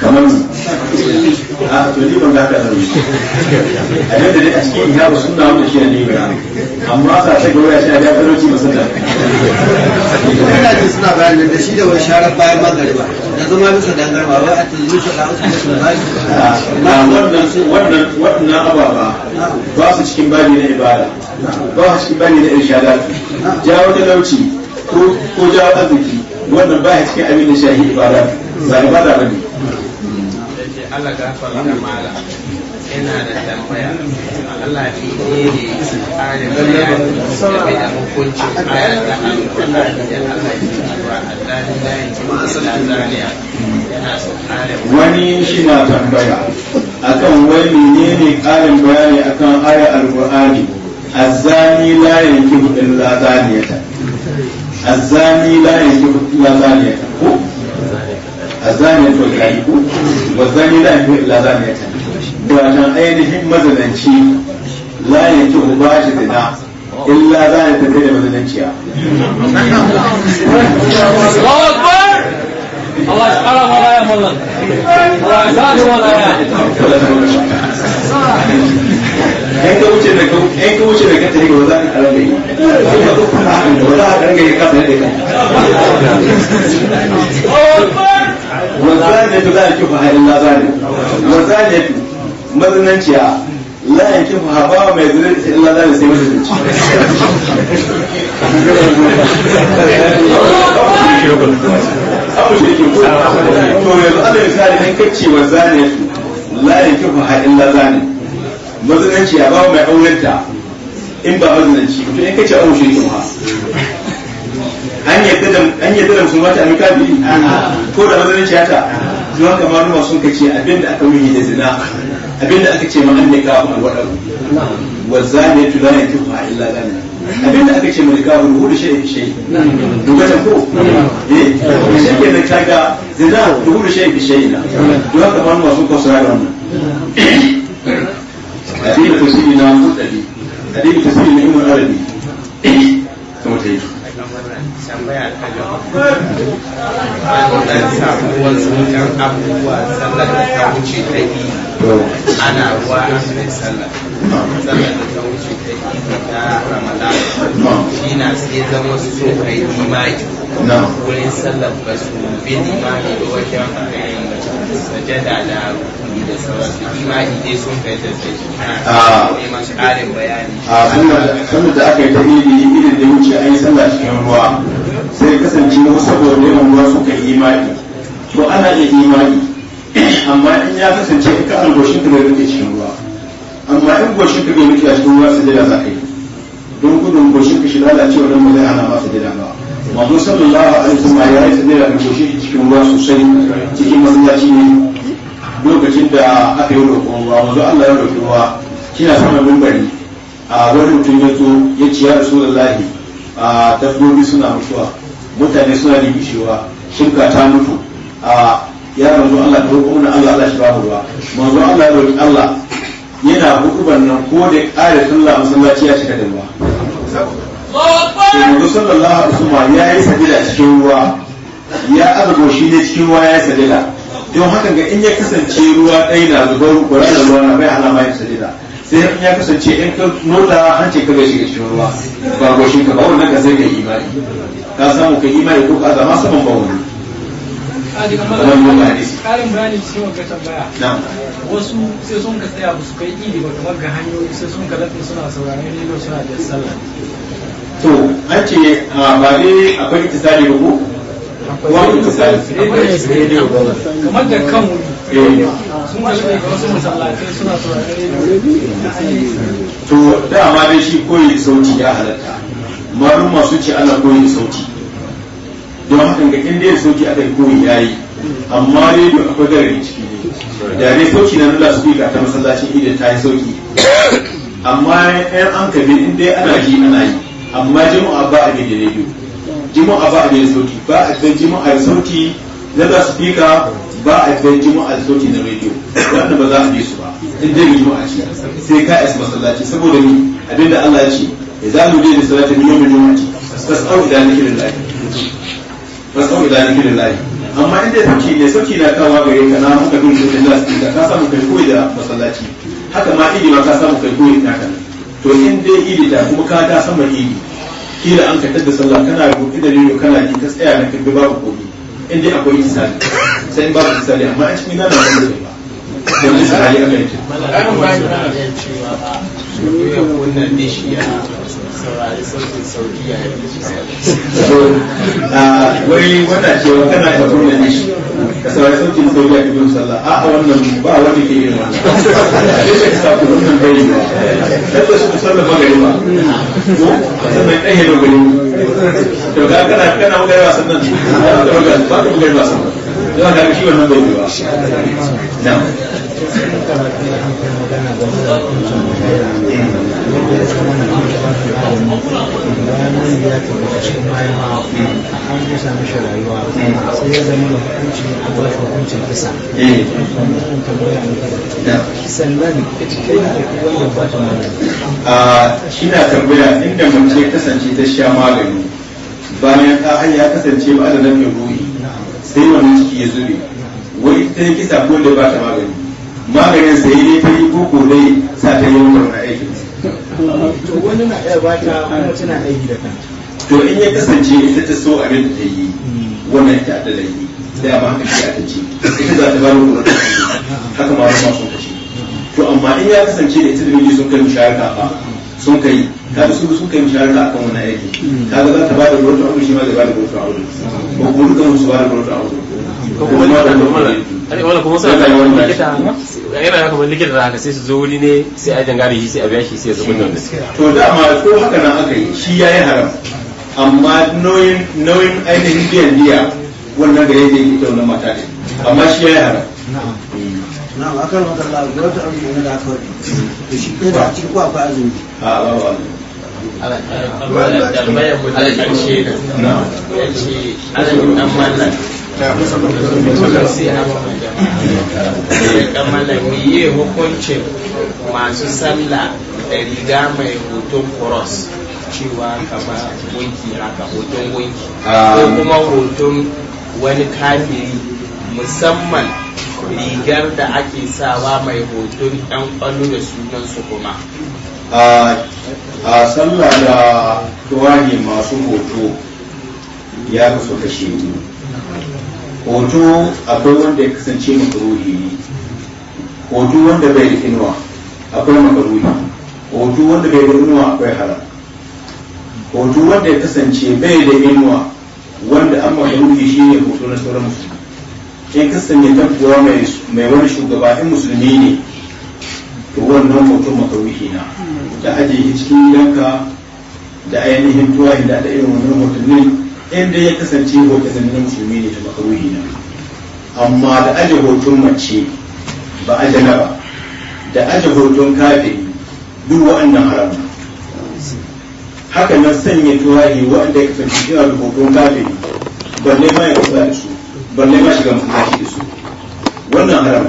kamar mu a ah, to ni ban gaka da wuce a nan da ne a cikin ina ba na wanda shi ne ba amma sa ta goya shi ya talauci masa da ina ji suna bayan da shi da wani sharar bayan magariba da zama bisa dangarma ba a tilmi shi da wasu da ah, su ba wannan wannan ababa ba su cikin bani na ibada ba su cikin bani na irshadatu ah. jawo talauci ko jawo arziki wannan baya cikin abin da shahi ibada ba ibada ba ne Allah gafarta mala ina da tambaya Allah ne ne bayani da ayar da Allah Allah wani shi na tambaya akan menene ƙarin bayani akan ayar alƙur'ani azzani la yajibu illa الزاني لا يجوز إلا زانية الزانية والزاني والزاني لا يجوز إلا زانية وأنا أينهم مزنانشي لا يجوز باشد زنا إلا زانية تدري مزنانشيا الله أكبر الله يسأله ولا الله يسأله ولا يملك wuce da kan ka wuce da kan ta ba za ka karan gari sai duk kana hakan da ba za ka da gari ka sanar da kan wazani ta za a kifa hayan lazani wazani mazinanciya la ya kifa haba mai zurin ta illa zani sai mazinaci abu shi ke kuma to yanzu ana misali dan kacce la ya kifa hayan lazani mazinanci ya ba mai aurenta in ba mazinanci mutum in kace aure shi kuma an yadda da an yadda da musulma ta amika bi ko da mazinanci ta zuwa kamar ruwa sun kace abinda aka wuyi da zina abinda aka ce ma'an da kafin alwadau wa zaniyatu la yankihu illa zaniyatu abinda aka ce mai gawo ruhu da shi shayi dogatan ko eh shi ke da kaga zina ruhu da shayi shayi na don haka ba mu masu kwasara da wannan ko tafsiri na mutali hadin tafsiri na ibn arabi to mutai tambaya ta gaba dan samu wasu kan abubuwa sallar da ta wuce ta yi ana ruwa an mai sallar sallar da ta wuce ta yi ta ramadan shi na sai zama su so kai imani wurin sallar ba su bi imani da wajen eh, sajada da rukuni da sauransu imani dai sun fahimtar da shi ana neman ah. ƙarin bayani a sannan da aka yi ta ilimi irin da wuce an yi sallah cikin ruwa sai kasance wasu saboda neman ruwa suka yi imani to ana iya imani amma in ya kasance in ka algoshin ka bai rike cikin ruwa amma in goshin ka bai rike a cikin ruwa sajada za ka yi don gudun goshin ka shi lalacewa don ba zai hana ma sajada ba manzo sallallahu alaihi wasallam ya yi tsira da goshi cikin ruwa sosai cikin masallaci ne lokacin da aka yi roƙon ruwa manzo Allah ya roƙi ruwa kina mimbari a wani mutum ya zo ya ci ya a suna mutuwa mutane suna rigishewa ta mutu a ya manzo Allah Allah Allah shi ba ruwa manzo Allah ya roƙi Allah yana nan ko da sallah masallaci ya da ruwa Shekaru sallallahu alaihi wasallam ya yi sadila cikin ruwa ya argo shi ne cikin ruwa ya yi sadila don haka ga in ya kasance ruwa ɗaya na zubar gwara da ruwa na bai alama yin sadila sai in ya kasance in ka nota hanci ka gashi cikin ruwa ba goshin ka ba wannan ka sai ka imani ka samu ka imani ko ka zama saman ba wani ƙarin bayani cikin wanka tambaya wasu sai sun ka tsaya ba su kai idi ba kamar ga hanyoyi sai sun ka lafi suna sauraron rediyo suna da sallah to an ce ba ne akwai iktisali ba ko wani kamar da kan wuri eh. sun suna to da ma dai shi koyi sauti ya halatta marun masu ce ana koyi sauti don ga aka yi koyi yayi amma rediyo akwai ciki ne da dai sauki na nuna su ka ta masallacin idan ta yi sauki amma yan an kabe in dai ana ana yi amma jima'a ba a gidi radio jima'a ba a gidi sauti ba a abin jima'a da sauti na za su fika ba abin jima'a da sauti na rediyo wanda ba za a bi su ba in dai jima'a ce sai ka isa masallaci saboda ni abinda Allah ya ce ya za mu je da salati mu yau jima'a ce fasau ila zikirin lahi fasau ila zikirin lahi amma in dai sauki ne sauki na kawo gare ka na muka bin da za ka samu kai koyi da masallaci haka ma ilima ka samu kai koyi da haka to in dai iri da kuma ka ta sama iri kila an ka tada sallah kana rubuta da riyo kana ji ta tsaya na kirbi babu komi in dai akwai misali sai in babu misali amma a cikin nan ba ba da misali aka yi saurari sautin sauki ya yi wai wata ce wa kana da kuma ne shi ka saurari na sauki ya yi sallah a wannan ba wani ke yin wannan da shi ka ku wannan bai ba da su sallah magari ba ko sannan ɗan yana gari to ga kana kana magari ba sannan ba ka magari ba sannan don haka shi wannan bai ba shi eh, tambaya inda mace kasance ta sha magani bayan ta ya kasance ba da nan ruhi sai wani ciki ya zube wai ta kisa ko da ba ta magani maganin sai ne ta yi koko dai sa ta yi wutar na aiki to wani na iya ba ta wani tana aiki da kanta to in ya kasance ita ta so abin da ta yi hmm. wannan ta da laifi sai ba haka shi ta ce ita za ta ba mu kuma haka ma ba sun kashi to amma in ya kasance da ita da miji sun kai musharaka ba sun kai kaga su sun kai musharaka akan wannan aiki hmm. ga za ta ba da ruwan a aure shi ma zai ba da ruwan a aure ko kuma dukan su ba da ruwan a aure ko kuma da ruwan ta wala kuma sai zai wani likita yana ya kamar likita da haka sai su zo wuri ne sai a janga da shi sai a biya shi sai su gudun da to dama ko haka nan aka yi shi ya yi haram amma nauyin nauyin ainihin biyan biya wannan da yake ita wannan mata ne amma shi ya yi haram na'am akan wannan Allah wata abu da aka to shi kai da cikin azumi a ba ba albayan ala ce da ce muka malami yi hukuncin masu sallah da riga mai hoton cross cewa kama gunki haka hoton gunki ko kuma hoton wani kafiri musamman rigar da ake sawa mai hoton ɗan ƙwallo da sunan su kuma a sallah da masu hoto ya kasu kashe biyu hoto akwai wanda ya kasance makaruhi ne hoto wanda bai da inuwa akwai makaruhi hoto wanda bai da inuwa akwai haram hoto wanda ya kasance bai da inuwa wanda an makaruhi shi ne hoto na sauran musulmi in kasance tabbuwa mai wani shugaba in musulmi ne to wannan hoto makaruhi na da ajiye cikin gidanka da ainihin tuwa da da irin wannan ne in da ya kasance hoton da na musulmi ne ta makaruhi na amma da aje hoton mace ba aje na ba da aje hoton kafin duk wa'annan haram haka na sanya tuwahi wa'anda ya kasance yana da hoton kafin balle ma ya kusa da su balle ma shiga masallaci da su wannan haram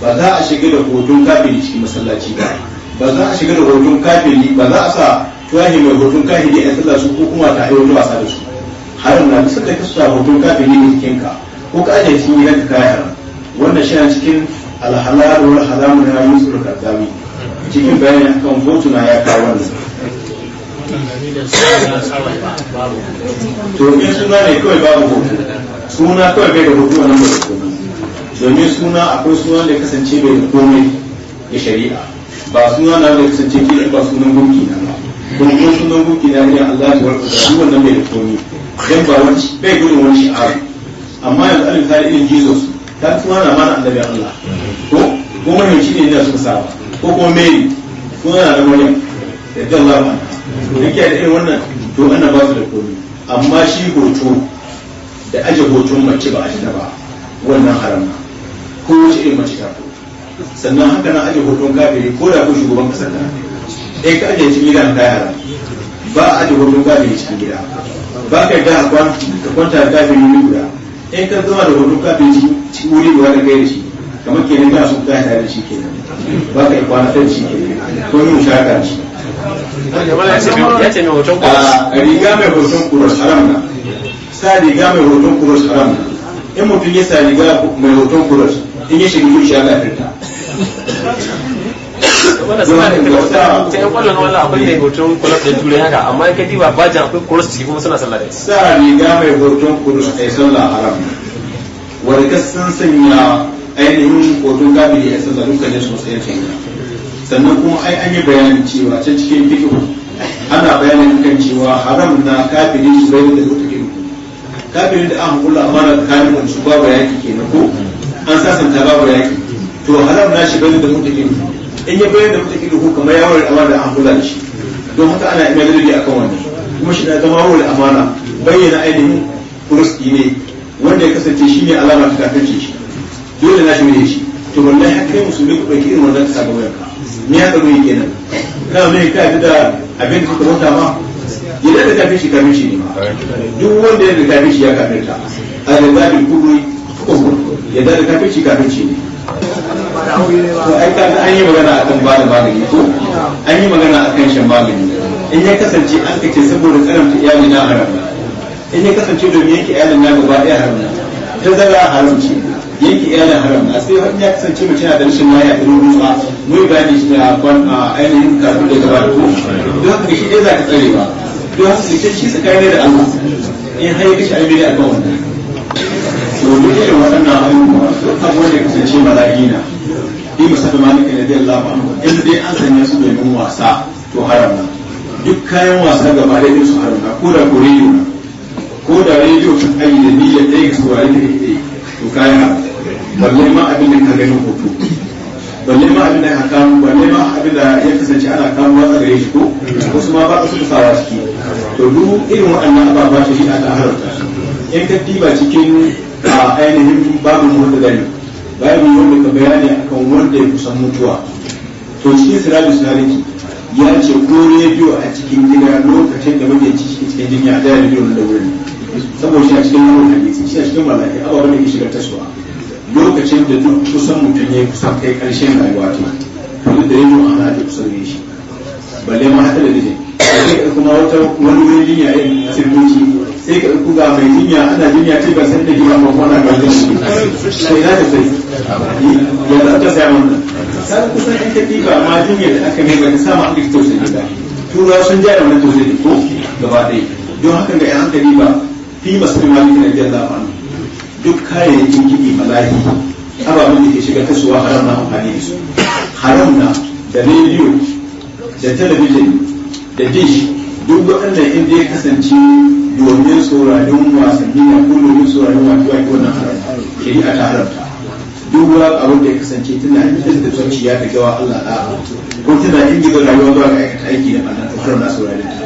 ba za a shiga da hoton kafin cikin masallaci ba ba za a shiga da hoton kafin ba za a sa tuwahi mai hoton kafiri a sallah su ko kuma ta aiwatar wasa da su haram na bisa da kasuwa hoton kafiri ne cikin ka ko ka ajiye cikin gidan ka kaya wannan shi na cikin alhalal wal haram na yusuf al-kazzami cikin bayani akan hotuna ya kawo wannan to in suna ne kawai babu hoto suna kawai bai da hoto a nan ba da komai domin suna akwai suna da kasance bai da komai da shari'a ba suna na da kasance kila ba sunan gunki na ba kuma sunan gunki na ne Allah ya warkar da shi wannan bai da komai Yan ba bai gudun wani shi'ar amma yanzu alif ta irin jesus ta tuna na mana annabi allah ko ko mahimci ne da suka saba ko kuma mary suna na maryam da dan lama yake da irin wannan to ana ba su da komai amma shi hoto da aje hoton mace ba aje ba wannan haram ko wace irin mace ta ko sannan haka na aje hoton kafiri ko da ko shugaban kasar da ɗaya eh, ka aje cikin gidan kaya ba a aje hoton kafiri cikin gida ba ka da ka kwanta da kafin wuri guda in ka zama da wani kafin ci wuri guda da gaira shi kamar kenan ka su ka tare da shi kenan ba ka kwana da shi kenan ko yin shaka shi riga mai hoton kuros haram na sa riga mai hoton kuros haram na in mutum ya sa riga mai hoton kuros in ya shiga yin shaka fita. wannan suna da kalauta ta yan kwallon wala akwai mai hoton kulab da turai haka amma in ka diba bajin akwai kurus ciki kuma suna sallah da shi sa riga mai hoton kurus a sallah haram wani kasan sanya ainihin hoton kabiri a sallah dukkanin su sai ta yi sannan kuma ai an yi bayanin cewa ta cikin fikihu ana bayanin kan cewa haram na kafiri su bai da mutakin kafirin da an kula amana da kafirin su babu yaki kenan ko an sasanta babu yaki to haram na shi bai da mutakin in ya bayar da mutaki da ko kamar yawon amana an kula da shi don haka ana yi a kan wannan kuma shi na zama wani amana bayyana ainihin kuristi ne wanda ya kasance shi ne alama ta kafirce shi dole na shi ne shi to wallahi haka yi musulmi ku ɗauki irin wannan kasa ga ni ya tsaro yake nan kana mai ka da abin da suka mota ma idan da kafirci kafirci ne ma duk wanda ya da kafirci ya kafirta a da zaɓin kudu yadda da kafirci kafirci ne an yi magana akan ba da magani ko an yi magana akan shan magani in ya kasance an kace saboda karanta iyali na haram in ya kasance domin yanke iyalin na gaba ɗaya haram na tazara haram ce yanke iyalin haram a sai har ya kasance mutum na da rashin a irin ba mun bayani shi da kwan a ainihin kafin da gaba ko don haka shi ɗaya za ka tsarewa don haka shi shi tsakanin da Allah in har ya kashe ainihin akan wannan domin irin waɗannan abubuwa duk abubuwan da kasance mala'ina yi musamman malikin radiyallahu anhu in dai an sanya su domin wasa to haram na duk kayan wasa gaba da su haram na ko da ko rediyo na ko da rediyo kan ayi da niyyar da ga saurari da ita to kayan haram balle ma abin da ka ganin hoto balle ma abin da ka kamo balle ma abin da ya kasance ana kamo watsa gare shi ko wasu ma ba su sawa ciki to duk irin waɗannan ababa shi a ta haramta in ka diba cikin a ainihin babu mu da gani babu wanda ka bayani akan wanda ya kusan mutuwa to cikin sirajin sariki ya ce ko rediyo a cikin gida lokacin da muke ciki cikin jinya da rediyo na da wuri saboda shi a cikin wani hadisi shi a cikin malaki awa wani ke shiga tasowa lokacin da duk kusan mutum ya kusan kai karshen rayuwa ta kuma da rediyo ana da kusan shi balle ma hada da dijin kuma wata wani wurin jinya irin asibiti sai ka ga mai jinya ana jinya ce ba sai da gina ba kuma na sai na sai ya za ta sai wannan sai kusan in ka diba ma jinya da aka mai ba sama an tausayi tura sun ja da wani tausayi ko gaba ɗaya don haka ga yan ɗari ba fi masu mai malikin ajiyar labarin duk kayayyakin gidi malahi ababen da ke shiga kasuwa haram na amfani da su haram na da rediyo da talabijin da dish duk waɗanda inda ya kasance domin sauraron wasanni na kullum sauraron wasu a wannan haramta shari'a eh, ta haramta duk wa abin da ya kasance tana inda da ya ta gawa Allah ɗaya ko tana inda da rayuwa zuwa ga aikata aiki da Allah ta haramta sauraron ta